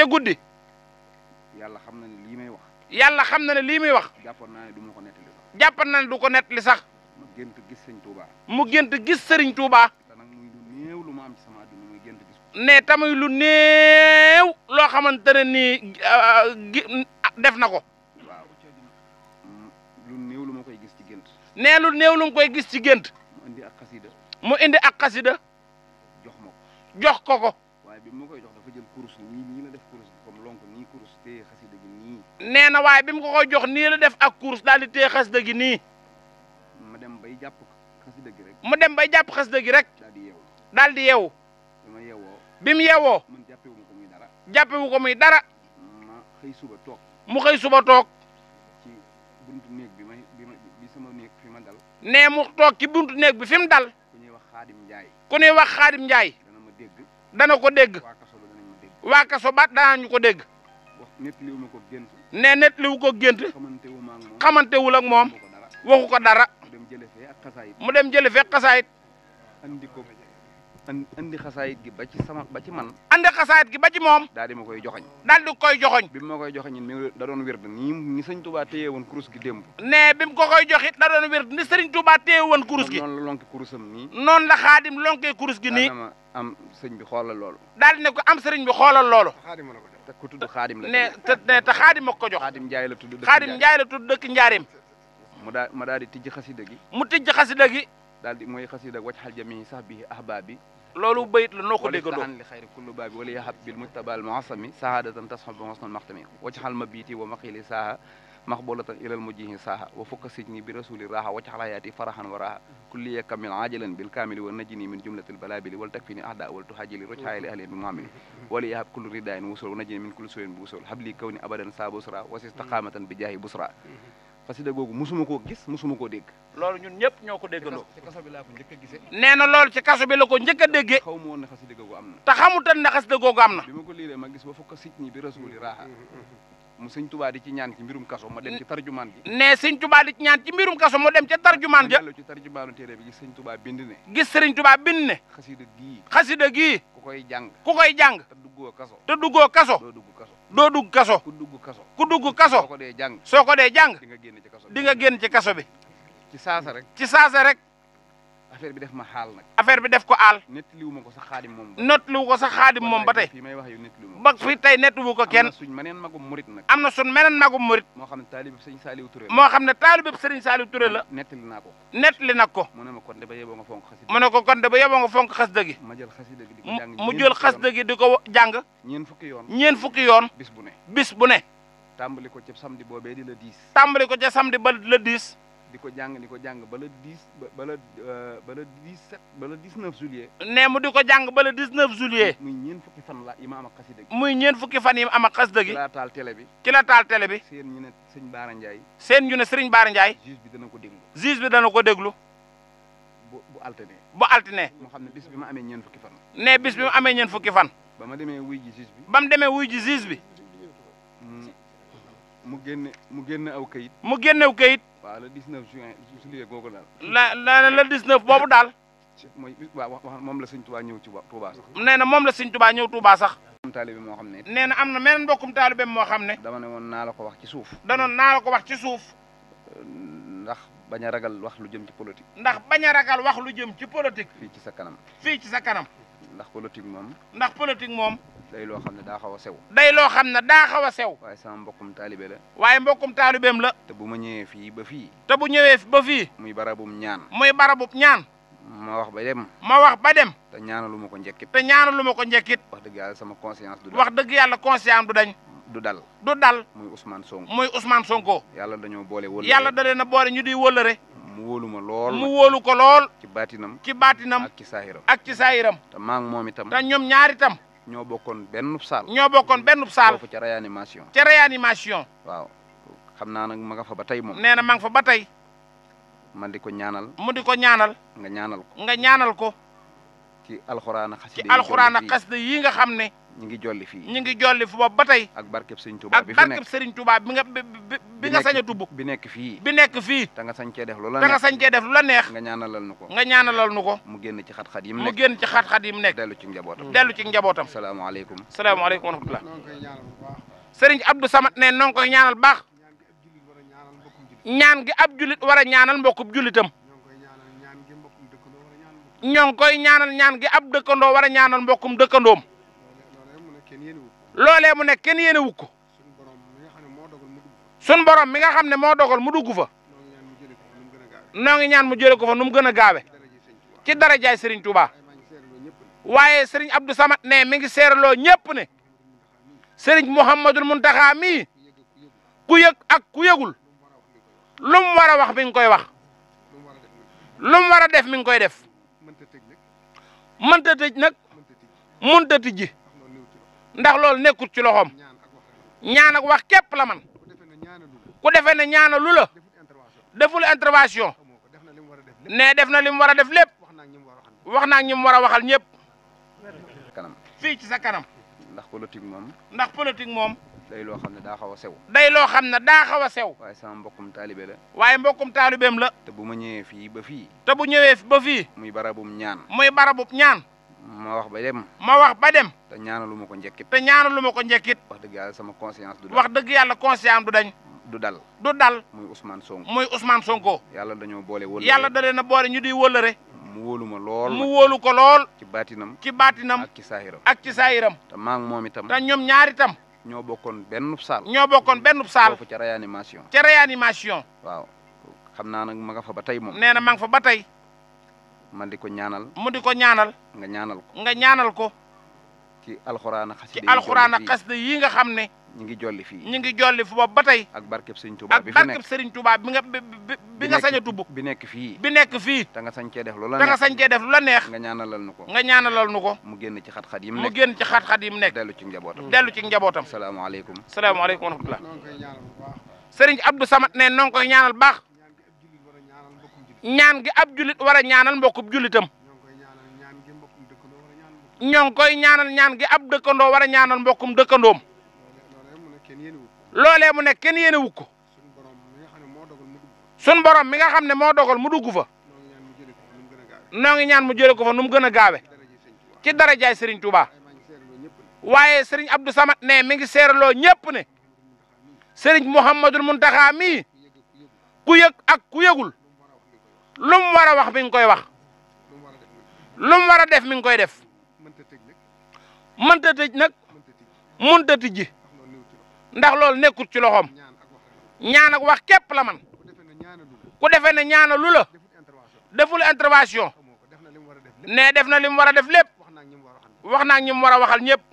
ca guddi. yalla xamna na ne ya may wax. yalla xamna na ne wax. jàppoon naa ne tergeser coba, ko nettali coba. jàppoon naa du ko nettali sax. mu gis Touba. mu gis Touba. muy lu lu ma am tamuy lu neew lo xamantene ni ah, def nako lu neew lu makoy gis ci gënt nee lu neew lu ngoy gis ci gënt mu indi ak qasida mu indi ak qasida jox mako jox koko bi mu koy jox dafa jël ni nee na waaye bi mu ko koy jox nii la def ak course daal di téye xasida gi nii. mu dem bay jàpp xasida gi rek. mu dem bay jàpp xasida gi rek. daal di yeewu daal di yeewu. bi ma yeewoo. bi mu yeewoo. ko muy dara. jàppewu ko muy dara. ma xëy suba toog. mu xëy suba toog. ci bi ma sama néeg fi ma dal. nee mu toog ki buntu néeg bi fi mu dal. ku ñuy wax xaadim Njaay. ku ñuy wax xaadim Njaay. dana ma dégg. dana ko dégg. waa kaso ba danañ ma dégg. waa ko dégg. nettaliwuma ko gént. ne nettaliwu ko gént. xamantewul ak moom waxu ko dara. mu dem jëlee fee ak mu dem jële fee xasaayit. andi ko andi xasaayit gi ba ci sama ba ci man. andi xasaayit gi ba ci moom. daal di ma koy joxoñ. daal di koy joxoñ. bi ma koy joxoñ mi da doon wérd ni ni sëñ Touba téye woon kurus gi démb. ne bi ko koy joxit da doon wérd ni sëriñ Touba téye woon kurus gi. noonu la lonki kurusam nii. noonu la xaadim lonkee kurus gi nii. am sëñ bi xoolal loolu. daal di ne ko am sëriñ bi xoolal loolu. xaadim te ku tudd xaadim la ne te ne te xaadim ma ko jox xaadim Njaay la tudd xaadim Njaay la tudd dëkk njaarim mu daa ma daal di tijj xasida gi mu tijj xasida gi daal di mooy xasida waj xal jami sax bi ahbab bi loolu bayit la noo ko déggandoo li xayri kullu baabi wala yahab bil mujtabal muasami sahaadatan tasxabu masnal maxtami waj xal ma biiti wa maqili saaha مقبولة إلى المجيه ساها وفك سجني برسول راها واجعل حياتي فرحا وراها كلية كمل عاجلا بالكامل ونجني من جملة البلابل ولتكفني أعداء ولتهاجي لرجحي لأهل بمعامل وليهب كل رداء وصل ونجني من كل سوء بوصل هب لي كوني أبدا سا بصرى واستقامة بجاه بصرى xasida googu musuma koo gis musuma koo dégg loolu ñun ñëpp ñoo ko déggandoo ci kaso bi laa ko njëkk a gisee nee na loolu ci kaso bi la ko njëkk a déggee xaw ma woon ne xasida googu am na te xamutan ne xasida googu am na bi ma ko liiree ma gis wa fukka sijni bi rasuli raaha mu sëñ tubaa di ci ñaan ci mbirum kaso ma dem ci tarjumaan gi ne sëñ tubaa di ci ñaan ci mbirum kaso mu dem ca tarjumaan ja dellu ci tarjumaanu téere bi gis sëñ tubaa bind ne gis sëriñ tubaa bind ne xasida gii xasida ku koy jàng ku koy jàng duggoo kaso te duggoo kaso doo dugg kaso doo dugg kaso ku dugg kaso ku dugg kaso ko dee jàng soo ko dee jàng di nga génn ci kaso bi di nga génn ci kaso bi ci rek ci saasa rek affaire bi def ma xaal nag. affaire bi def ko aal. nettaliwu ma ko sax xaadim moom. nettaliwu ko sax xaadim moom ba tey. fii may wax yow nettaliwu ma ko. ba fii tey nettaliwu ko kenn. am na suñ meneen magum murit moo xam ne taalib sëriñ Saliou Touré la. moo xam ne taalib sëriñ Saliou Touré la. nettali naa ko. nettali nag ko. mu ma kon ba yeboo fonk xasida. mu jël xasida di ko jàng. ñeen fukki yoon ñeen fukki yoon. bis bu ne bis ko ca samedi boobee di la diis. tàmbali ko ca samedi ba la diis di ko jàng di ko jàng ba le 10 ba le euh, ba le 17 ba le 19 juillet. ne mu di ko jàng ba le 19 juillet. muy ñeen fukki fan la yi ma am muy ñeen fukki fan yi ma am ak xasida gi. ci la taal télé bi. ci la taal télé bi. seen ñu ne sëñ Baara Ndiaye. seen ñu ne sëriñ Baara Ndiaye. bi dana ko déglu. juge bi dana ko déglu. bu bu altine. bu altine. moo xam ne bis bi ma amee ñeen fukki fan. ne bis bi ma amee ñeen fukki fan. ba ma demee wuy ji juge bi. ba demee wuy ji juge bi. Hmm. mu génne mu génne aw kayit. mu génne aw kayit. waaw le 19 juin juillet googu daal. la la le 19 boobu daal. mooy waaw wax moom la sëñ Touba ñëw ci Touba sax. nee na moom la sëñ Touba ñëw Touba sax. am taalibe moo xam ne. nee na am na meneen mbokkum taalibe moo xam ne. dama ne woon naa la ko wax ci suuf. danoon naa ko wax ci suuf. ndax bañ a ragal wax lu jëm ci politique. ndax bañ a ragal wax lu jëm ci politique. fii ci sa kanam. fii ci sa kanam. ndax politique moom. ndax politique moom. day loo xam ne daa xaw a sew day loo xam ne daa xaw a sew waaye sama mbokkum taalibe la waaye mbokkum taalibeem la te bu ma ñëwee fii ba fii te bu ñëwee ba fii muy bara barabum ñaan muy barabum ñaan ma wax ba dem ma wax ba dem te lu ma ko njëkkit te lu ma ko njëkkit wax dëgg yàlla sama conscience du wax dëgg yàlla conscience dañ du dal du dal muy Ousmane Sonko muy Ousmane Sonko yàlla dañoo boole wëlëre yàlla da leen boole ñu di wëlëre mu wóolu ma lool mu wóolu ko lool ci baatinam ci baatinam ak ci saahiram ak ci saahiram te maa moom itam te ñoom ñaari ñoo bokkoon benn saal. ñoo bokkoon benn saal. foofu ca réanimation. ca réanimation. waaw xam naa nag ma fa ba tey moom. nee na ma nga fa ba tey. man di ko ñaanal. mu di ko ñaanal. nga ñaanal ko. nga ñaanal ko. ci alxuraan ak xasida yii nga xam ne. ñu ngi jolli fii ñu ngi jolli fi ba tey ak barkeb sëriñ Touba bi fi nekk ak bi nga bi nga sañ a bi nekk fii bi nekk fii te nga sañ cee def lu la neex nga sañ cee def la neex nga ñaanalal nu ko nga ñaanalal nu ko mu génn ci xat-xat yi mu nekk mu ci xat yi mu nekk dellu ci njabootam dellu ci njabootam salaamaaleykum salaamaaleykum wa rahmatullah sëriñ Abdou Samad ne noo ngi koy ñaanal baax ñaan gi ab julit war a ñaanal mbokkub julitam ñoo ngi koy ñaanal ñaan gi ab dëkkandoo war ñaanal mbokkum dëkkandoom loolee mu nekk kenn yéene wu ko sun borom mi nga xam ne moo dogal mu dugg fa noo ngi ñaan mu jële ko fa nu mu gën a gaawe ci darajaay Serigne Touba waaye Serigne Abdou Samad ne mi ngi seeraloo ñëpp ne Serigne Mouhamadul Muntaxa mii ku yëg ak ku yëgul lu mu war a wax mi ngi koy wax lu mu war a def mi ngi koy def mënta tëj nag mënta tijji ndax loolu nekkul ci loxoom ñaan ak wax képp la man ku defee ne ñaana lu la deful intervention ne def na li mu war a def lépp wax naa ñi mu war a waxal ñëpp. fii ci sa kanam. ndax politique moom. ndax politique moom. day loo xam ne daa xaw a sew. day loo xam ne daa xaw a sew. waaye sama mbokkum taalibe la. waaye mbokkum taalibeem la. te bu ma ñëwee fii ba fii. te bu ñëwee ba fii. muy barabum ñaan. muy barabum ñaan. ma wax ba dem. ma wax ba dem. ñaana ñaanalu ma ko njëkkit. te lu ma ko njëkkit. wax dëgg yàlla sama conscience du dañ. wax dëgg yàlla conscience du dañ. du dal du dal. muy usman Sonko. muy Ousmane Sonko. yàlla dañoo boole wëllëre. yàlla dale na boole ñu di wëllëre. mu wóolu ma lool mu wóolu ko lool. ci baatinam ci baatinam. ak ci saahiram ak ci saahiram. te maa ngi moom itam. te ñoom ñaari ñoo bokkoon benn saal. ñoo bokkoon benn saal. foofu ca réanimation. ca réanimation. waaw xam naa nag ma fa ba tey moom. nee na ma nga fa ba tey. man diko ñaanal mu diko ñaanal nga ñaanal ko nga ñaanal ko ci alquran ak ci alquran ak yi nga xamne ñi ngi jolli fi ñi ngi jolli fu boobu ba tey ak barkeb serigne Touba bi fi nek ak barkeb sëriñ Touba bi nga bi nga saña tubu bi nek fi bi nek fi ta nga sañ cee def lu neex nga sañ cee def lu neex nga ñaanalal nu ko nga ñaanalal nu ko mu genn ci xat-xat yi mu nekk mu génn ci xat-xat yi mu nekk dellu ci njabotam delu ci njabotam assalamu alaykum assalamu alaykum wa rahmatullah serigne Abdou Samad ne noo koy ñaanal bax ñaan gi ab julit war a ñaanal mbokkub julitam ñoo ngi koy ñaanal ñaan gi ab dëkkandoo war a ñaanal mbokkum dëkkandoom loolee mu ne kenn yéene wu ko sun borom mi nga xam ne moo dogal mu dugg fa noo ngi ñaan mu jële ko fa nu mu gën a gaawe ci darajaay Serigne Touba waaye Serigne Abdou Samad ne mi ngi seeraloo ñëpp ne Serigne Mouhamadul Muntaxa mii ku yëg ak ku yëgul lu mu war a wax mi ngi koy wax lu mu war a def mi ngi koy def mënta tëj nag mënta tijji ndax loolu nekkul ci loxoom ñaan ak wax képp la man ku defee ne ñaana lu la deful intervention ne def na li mu war a def lépp wax naa ak ñi mu war a waxal ñëpp